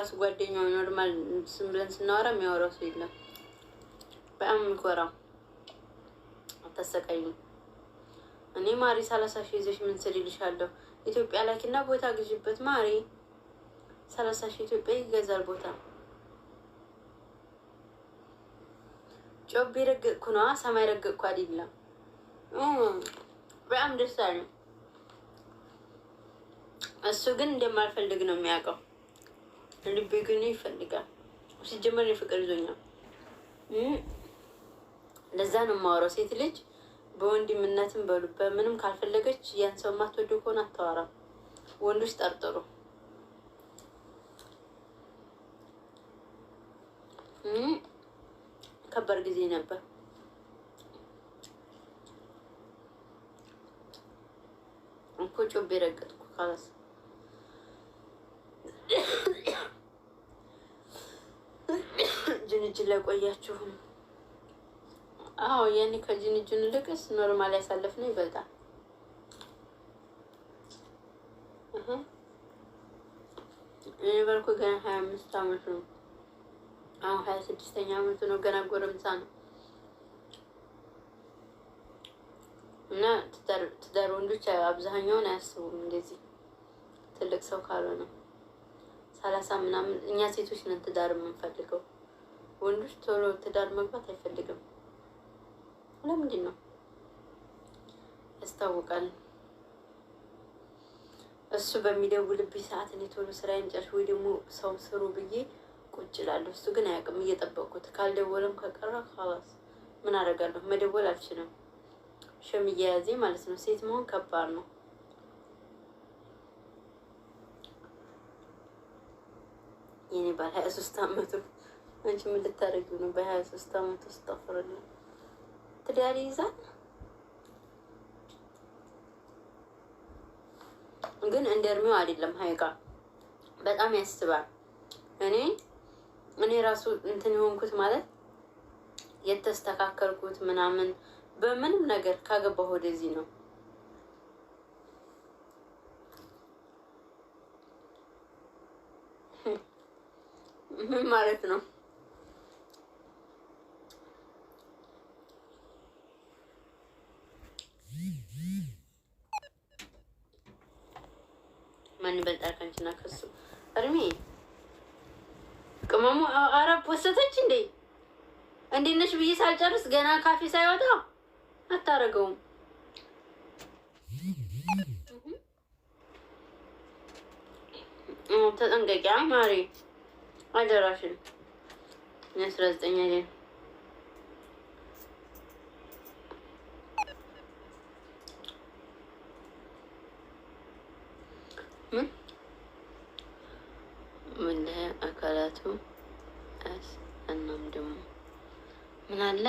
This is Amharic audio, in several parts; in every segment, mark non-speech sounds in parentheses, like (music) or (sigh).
ራሱ ጓደኛው ኖርማል ስም ብለን ስናወራ የሚያወራው ሰው የለም። በጣም የሚኮራው አታሰቃይም። እኔ ማሪ ሰላሳ ሺህ ይዘሽ ምን ስል ይልሻለሁ። ኢትዮጵያ ላኪና ቦታ ግዥበት ማሪ። ሰላሳ ሺህ ኢትዮጵያ ይገዛል ቦታ። ጮቤ ረገጥኩ ነዋ ሰማይ ረገጥኩ አይደለም። በጣም ደስ አለኝ። እሱ ግን እንደማልፈልግ ነው የሚያውቀው። ልቤ ግን ይፈልጋል። ሲጀመር የፍቅር ይዞኛል። ለዛ ነው የማወራው። ሴት ልጅ በወንድምነትም በሉበ ምንም ካልፈለገች ያን ሰው ማትወደው ከሆነ አታወራም። ወንዶች ጠርጥሩ። ከባድ ጊዜ ነበር። እንኮ ጮቤ ረገጥኩ ካላስ አብራችን ላይ ቆያችሁም። አዎ ያኔ ከጅንጁን ልቅስ ኖርማል ያሳለፍ ነው ይበልጣል። እኔ ባልኩ ገና ሀያ አምስት አመት ነው። አሁን ሀያ ስድስተኛ አመቱ ነው። ገና ጎረምሳ ነው እና ትዳር ወንዶች አብዛኛውን አያስቡም እንደዚህ ትልቅ ሰው ካልሆነ ሰላሳ ምናምን። እኛ ሴቶች ነን ትዳር የምንፈልገው። ወንዶች ቶሎ ትዳር መግባት አይፈልግም። ለምንድን ነው ያስታውቃል። እሱ በሚደውልብኝ ሰዓት እኔ ቶሎ ስራዬን ጨርሼ ወይ ደግሞ ሰው ስሩ ብዬ ቁጭ እላለሁ። እሱ ግን አያውቅም እየጠበቅኩት። ካልደወለም ከቀረ ኋላስ ምን አደርጋለሁ? መደወል አልችልም። ሸም እያያዜ ማለት ነው። ሴት መሆን ከባድ ነው። የኔ ባል ሀያ ሶስት አመቱ አንቺ ምን ልታደርጊው ነው? በሀያ ሶስት አመት ውስጥ ጠፍርልን ትዳር ይይዛል። ግን እንደ እድሜው አይደለም። ሀይቃ በጣም ያስባል። እኔ እኔ ራሱ እንትን የሆንኩት ማለት የተስተካከልኩት ምናምን በምንም ነገር ካገባሁ ወደዚህ ነው። (laughs) ምን ማለት ነው? ይበልጣል ከአንቺና ከሱ እድሜ። ቅመሙ አረብ ወሰተች እንዴ እንዴት ነሽ ብዬ ሳልጨርስ ገና ካፌ ሳይወጣ አታረገውም። ተጠንቀቂያ ማሪ አደራሽን አስራ ዘጠኝ አለ።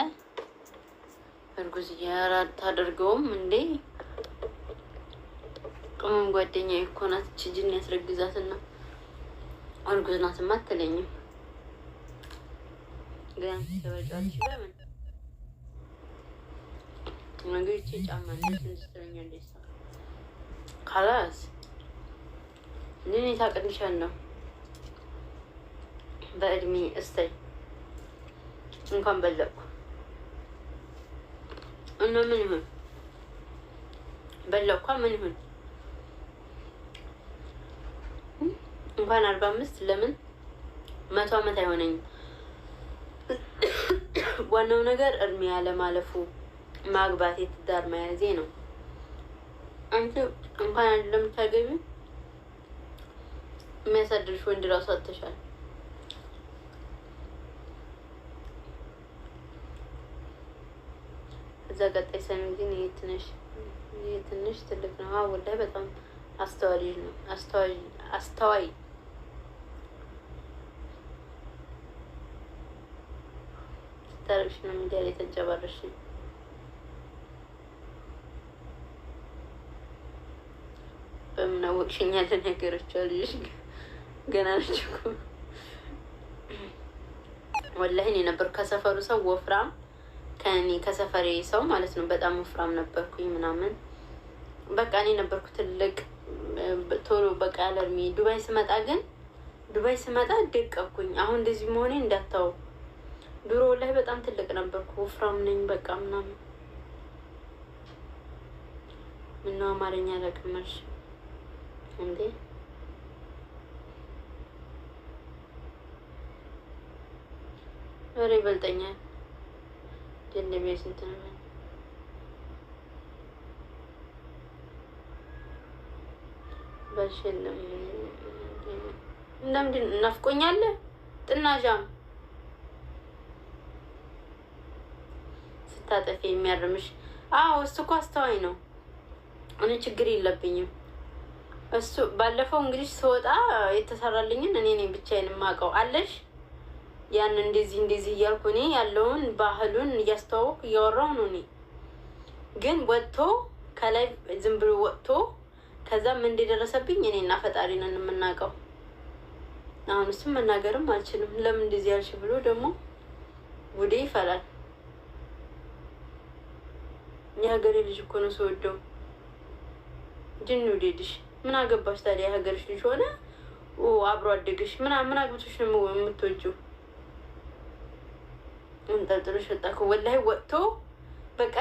እርጉዝ እያራት አድርገውም እንዴ ቅመም ጓደኛ እኮ ናት። ችጅን ያስረግዛትና እርጉዝ ናትማ አትለኝም። ግን ጫማ ካላስ ነው በእድሜ እስተይ እንኳን በለቁ እና ምን ይሁን በላው እኳ ምን ይሁን እንኳን አርባ አምስት ለምን መቶ ዓመት አይሆነኝም። ዋናው ነገር እድሜ ያለማለፉ ማግባት የትዳር መያዜ ነው። አንቺ እንኳን አንድ ታገቢ የሚያሳድርሽ ወንድ ራሱ አጥተሻል። እዛ ቀጣይ ሰሚን ግን ይሄ ትንሽ ይሄ ትንሽ ትልቅ ነው። አዎ ወላሂ በጣም አስተዋይ ነው። አስተዋይ አስተዋይ ተረብሽ ነው ሚዲያ ላይ ተንጨባረሽ በምን አወቅሽኝ ያለ ነገሮች አልሽ። ገና ነች እኮ ወላሂ እኔ ነበር ከሰፈሩ ሰው ወፍራም ከእኔ ከሰፈሬ ሰው ማለት ነው። በጣም ወፍራም ነበርኩኝ ምናምን በቃ እኔ ነበርኩ ትልቅ ቶሎ በቃ ያለ እድሜ። ዱባይ ስመጣ ግን ዱባይ ስመጣ ደቀኩኝ። አሁን እንደዚህ መሆኔ እንዳታው። ድሮ ላይ በጣም ትልቅ ነበርኩ፣ ወፍራም ነኝ በቃ ምናምን። ምነው አማርኛ ለቅመሽ እንዴ? ኧረ ይበልጠኛል ደንደሚያ ስንት ነው? በሽል ነው እና ምንድን ጥናዣም ስታጠፊ የሚያርምሽ። አዎ እሱ እኮ አስተዋይ ነው። እኔ ችግር የለብኝም። እሱ ባለፈው እንግዲህ ስወጣ የተሰራልኝን እኔ ነኝ ብቻዬን የማውቀው አለሽ ያን እንደዚህ እንደዚህ እያልኩ እኔ ያለውን ባህሉን እያስተዋወቅ እያወራው ነው። እኔ ግን ወጥቶ ከላይ ዝም ብሎ ወጥቶ ከዛም እንደደረሰብኝ እኔና ፈጣሪ ነን የምናውቀው። አሁን እሱም መናገርም አልችልም። ለምን እንደዚህ ያልሽ ብሎ ደግሞ ጉዴ ይፈላል። የሀገሬ ልጅ እኮ ነው ሰወደው ድን ውዴድሽ ምን አገባሽ ታዲያ? የሀገርሽ ልጅ ሆነ አብሮ አደግሽ ምን አግብቶሽ ነው የምትወጂው? እንጠልጥሎ ሸጣ እኮ ወላሂ ወጥቶ በቃ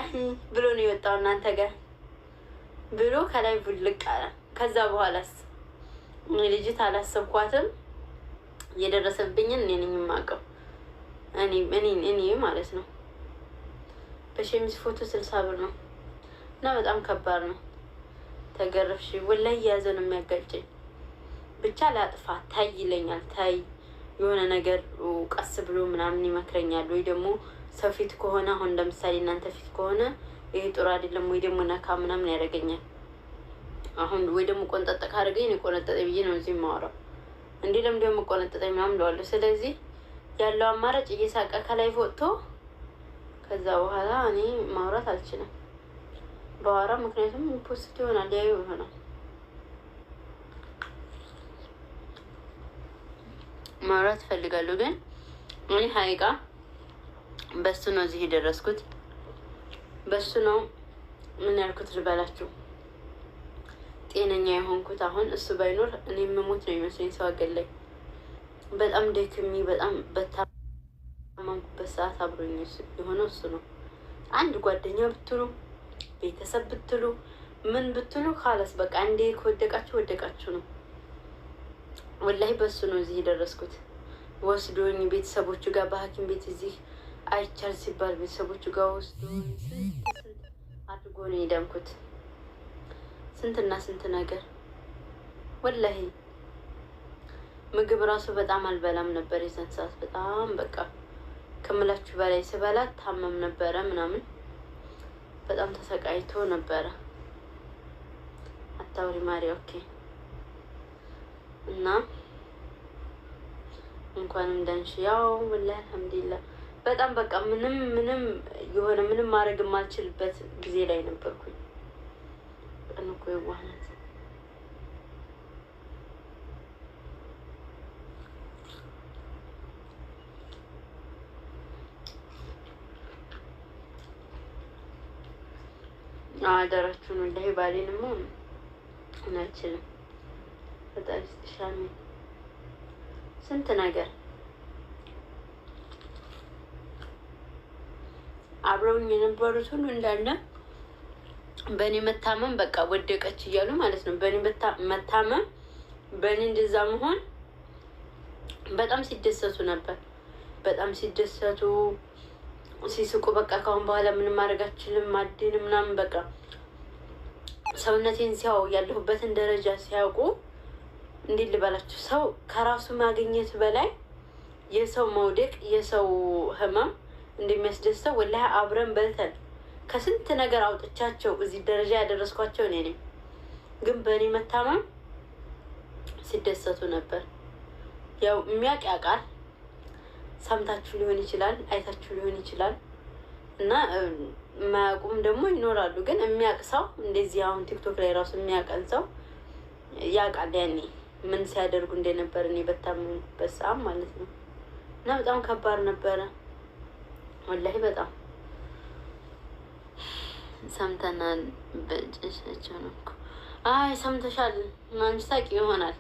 ብሎ ነው የወጣው እናንተ ጋር ብሎ ከላይ ቡልቅ አለ። ከዛ በኋላስ ልጅት አላሰብኳትም። የደረሰብኝን እኔ ነኝ የማውቀው እኔ ማለት ነው። በሸሚዝ ፎቶ ስልሳ ብር ነው እና በጣም ከባድ ነው። ተገረፍሽ ወላይ የያዘ ነው የሚያጋጨኝ። ብቻ ላጥፋ ታይ ይለኛል ታይ የሆነ ነገር ቀስ ብሎ ምናምን ይመክረኛል። ወይ ደግሞ ሰው ፊት ከሆነ አሁን ለምሳሌ እናንተ ፊት ከሆነ ይሄ ጥሩ አይደለም ወይ ደግሞ ነካ ምናምን ያደርገኛል። አሁን ወይ ደግሞ ቆንጠጠ ካደረገኝ እኔ ቆነጠጠ ብዬ ነው እዚህ የማወራው። እንዲህ ለምን ደግሞ ቆነጠጠ ምናምን እለዋለሁ። ስለዚህ ያለው አማራጭ እየሳቀ ከላይ ወጥቶ ከዛ በኋላ እኔ ማውራት አልችልም። በኋላ ምክንያቱም ፖስት ይሆናል ያዩ ይሆናል ማውራት እፈልጋለሁ፣ ግን እኔ ሀይቃ በሱ ነው እዚህ የደረስኩት። በሱ ነው ምን ያልኩት ልበላችሁ፣ ጤነኛ የሆንኩት አሁን እሱ ባይኖር እኔ የምሞት ነው የሚመስለኝ። ሰው አገላይ በጣም ደክሚ በጣም በታመምኩበት ሰዓት አብሮኝ የሆነው እሱ ነው። አንድ ጓደኛ ብትሉ ቤተሰብ ብትሉ ምን ብትሉ ካላስ በቃ እንዴ ከወደቃችሁ ወደቃችሁ ነው። ወላሂ በሱ ነው እዚህ የደረስኩት። ወስዶኝ ቤተሰቦቹ ጋር በሐኪም ቤት እዚህ አይቻል ሲባል ቤተሰቦቹ ጋር ወስዶ አድርጎ ነው ስንትና ስንት ነገር ወላሂ ምግብ ራሱ በጣም አልበላም ነበር የዛን ሰዓት። በጣም በቃ ከምላችሁ በላይ ስበላ ታመም ነበረ ምናምን በጣም ተሰቃይቶ ነበረ። አታውሪ ማሪ ኦኬ እና እንኳንም ደንሽ ያው ወላሂ አልሐምዱሊላህ በጣም በቃ ምንም ምንም የሆነ ምንም ማድረግ የማልችልበት ጊዜ ላይ ነበርኩኝ። እንኮ እኮ የዋህ ናት። አደራችሁን ወላሂ ባሌንማ አልችልም። ፈጣሪ ይስጥሻል። ስንት ነገር አብረውኝ የነበሩት ሁሉ እንዳለ በእኔ መታመም በቃ ወደቀች እያሉ ማለት ነው። በእኔ መታመም፣ በእኔ እንደዛ መሆን በጣም ሲደሰቱ ነበር። በጣም ሲደሰቱ ሲስቁ፣ በቃ ካሁን በኋላ ምንም ማድረግ አልችልም አድን ምናምን በቃ ሰውነቴን ሲያው ያለሁበትን ደረጃ ሲያውቁ እንዴት ልበላችሁ፣ ሰው ከራሱ ማግኘት በላይ የሰው መውደቅ የሰው ህመም እንደሚያስደስተው ወላሂ አብረን በልተን ከስንት ነገር አውጥቻቸው እዚህ ደረጃ ያደረስኳቸው እኔ ነኝ። ግን በእኔ መታመም ሲደሰቱ ነበር። ያው የሚያውቅ ያውቃል። ሰምታችሁ ሊሆን ይችላል፣ አይታችሁ ሊሆን ይችላል። እና የማያውቁም ደግሞ ይኖራሉ። ግን የሚያውቅ ሰው እንደዚህ አሁን ቲክቶክ ላይ ራሱ የሚያውቀን ሰው ያውቃል ያኔ ምን ሲያደርጉ እንደነበር እኔ በታመምኩበት ሰዓት ማለት ነው። እና በጣም ከባድ ነበረ ወላሂ በጣም ሰምተናል። በጭንሻቸው ነው እኮ አይ ሰምተሻል። አንቺ ታቂ ይሆናል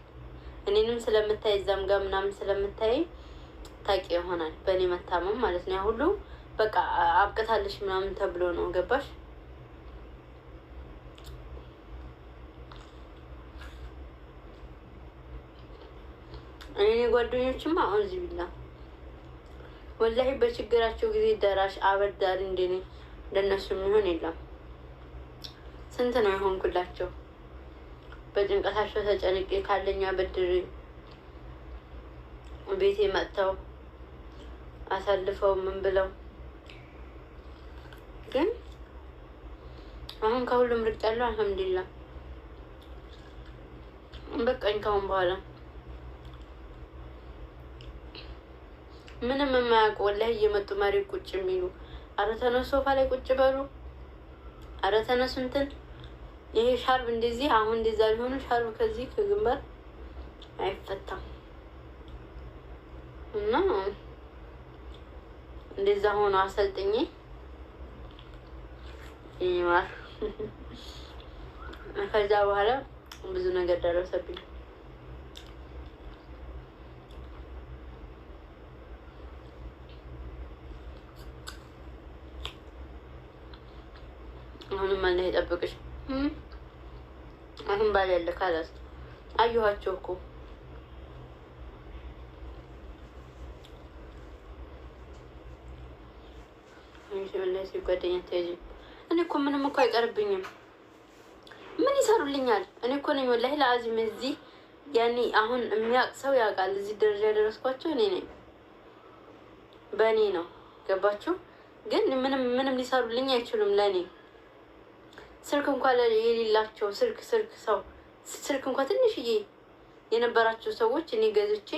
እኔንም ስለምታይ እዛም ጋር ምናምን ስለምታይ ታቂ ይሆናል። በእኔ መታመም ማለት ነው ያ ሁሉ በቃ አብቅታለሽ ምናምን ተብሎ ነው ገባሽ እኔ ጓደኞችማ አሁን ቢላ ወላሂ በችግራቸው ጊዜ ደራሽ አበዳሪ እንደኔ እንደነሱ የሚሆን የለም። ስንት ነው የሆንኩላቸው? በጭንቀታቸው ተጨንቄ ካለኛ በድር ቤቴ መጥተው አሳልፈው ምን ብለው ግን አሁን ከሁሉም ርቅ ያለው አልሐምዱሊላህ በቃኝ። ካሁን በኋላ ምንም የማያውቁ ወላሂ እየመጡ መሬት ቁጭ የሚሉ አረ ተነሱ፣ ሶፋ ላይ ቁጭ በሉ፣ አረ ተነሱ እንትን ይሄ ሻርብ እንደዚህ አሁን እንደዛ ሊሆኑ ሻርብ ከዚህ ከግንባር አይፈታም እና እንደዛ ሆኖ አሰልጥኝ ይማር (laughs) ከዛ በኋላ ብዙ ነገር ደረሰብኝ። አሁንም አላህ ይጠብቅሽ። አሁን ባል ያለ ካላስ አየኋቸው እኮ ጓደኛ ተይዙ። እኔ እኮ ምንም እኮ አይቀርብኝም። ምን ይሰሩልኛል? እኔ እኮ ነኝ ወላሂ ለአዚም እዚህ ያኔ አሁን የሚያውቅ ሰው ያውቃል። እዚህ ደረጃ ያደረስኳቸው እኔ ነኝ፣ በእኔ ነው። ገባችሁ? ግን ምንም ምንም ሊሰሩልኝ አይችሉም ለእኔ ስልክ እንኳ የሌላቸው ስልክ ስልክ ሰው ስልክ እንኳ ትንሽዬ የነበራቸው ሰዎች እኔ ገዝቼ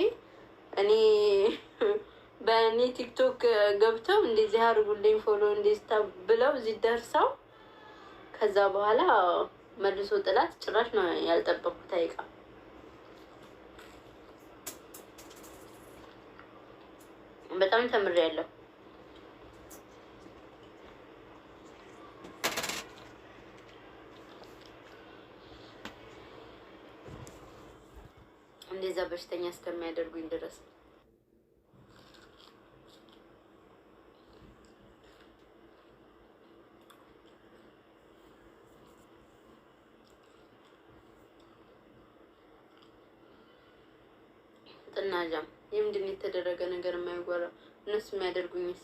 እኔ (laughs) በእኔ ቲክቶክ ገብተው እንደዚህ አድርጉልኝ ፎሎ እንደዚህ ብለው እዚህ ደርሰው ከዛ በኋላ መልሶ ጥላት ጭራሽ ነው ያልጠበቅኩት። አይቃ በጣም ተምሬያለሁ። እንደዛ በሽተኛ እስከሚያደርጉኝ ድረስ ጥናጃም የምንድን የተደረገ ነገር የማይጓራ እነሱ የሚያደርጉኝስ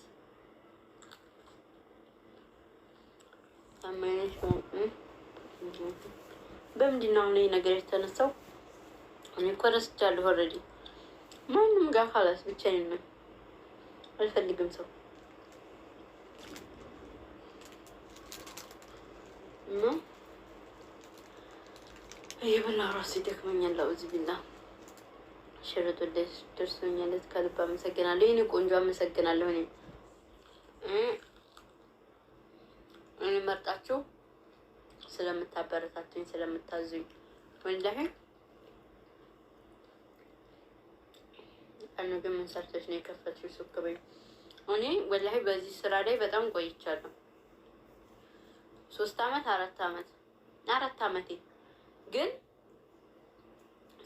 በምንድን ነው ይህ ነገር የተነሳው? እኔ እኮ ረስቻለሁ ኦልሬዲ። ማንም ጋር ካላስ ብቻዬን ነው፣ አልፈልግም ሰው እና ይብላ ራሱ ይደክመኛል። አውዝ ቢላ ሽርጡ ደስ ደርሶኛለት ከልብ አመሰግናለሁ። የኔ ቆንጆ አመሰግናለሁ። እኔ እኔ መርጣችሁ ስለምታበረታቱኝ ስለምታዙኝ ወንዳሄ ያስታውቃል። ነገ ምን ሰርተሽ ነው የከፈትሽው ሱቅ በይ። እኔ ወላሂ በዚህ ስራ ላይ በጣም ቆይቻለሁ። ሶስት አመት አራት አመት አራት አመቴ ግን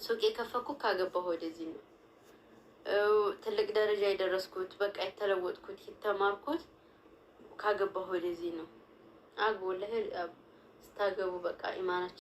ሱቅ የከፈኩ ካገባሁ ወደዚህ ነው ትልቅ ደረጃ የደረስኩት በቃ የተለወጥኩት የተማርኩት ካገባሁ ወደዚህ ነው። አግቦ ለህል ስታገቡ በቃ ኢማናቸው